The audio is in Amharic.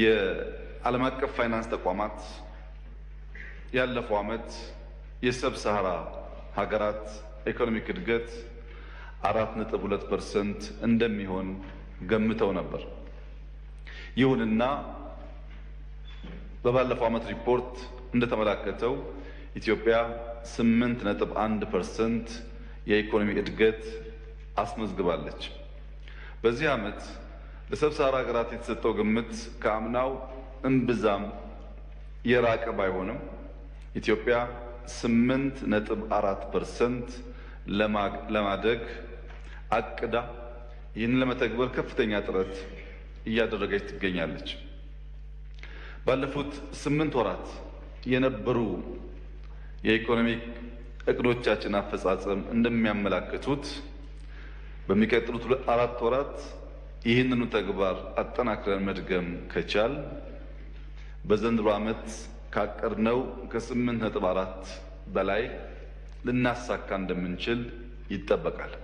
የዓለም አቀፍ ፋይናንስ ተቋማት ያለፈው ዓመት የሰብ ሰሃራ ሀገራት ኢኮኖሚክ እድገት አራት ነጥብ ሁለት ፐርሰንት እንደሚሆን ገምተው ነበር። ይሁንና በባለፈው ዓመት ሪፖርት እንደተመላከተው ኢትዮጵያ ስምንት ነጥብ አንድ ፐርሰንት የኢኮኖሚ እድገት አስመዝግባለች። በዚህ ዓመት ለሰብሳራ ሀገራት የተሰጠው ግምት ከአምናው እምብዛም የራቀ ባይሆንም ኢትዮጵያ ስምንት ነጥብ አራት ፐርሰንት ለማደግ አቅዳ ይህንን ለመተግበር ከፍተኛ ጥረት እያደረገች ትገኛለች። ባለፉት ስምንት ወራት የነበሩ የኢኮኖሚክ እቅዶቻችን አፈጻጸም እንደሚያመላክቱት በሚቀጥሉት አራት ወራት ይህንኑ ተግባር አጠናክረን መድገም ከቻል በዘንድሮ ዓመት ካቀድነው ከስምንት ነጥብ አራት በላይ ልናሳካ እንደምንችል ይጠበቃል።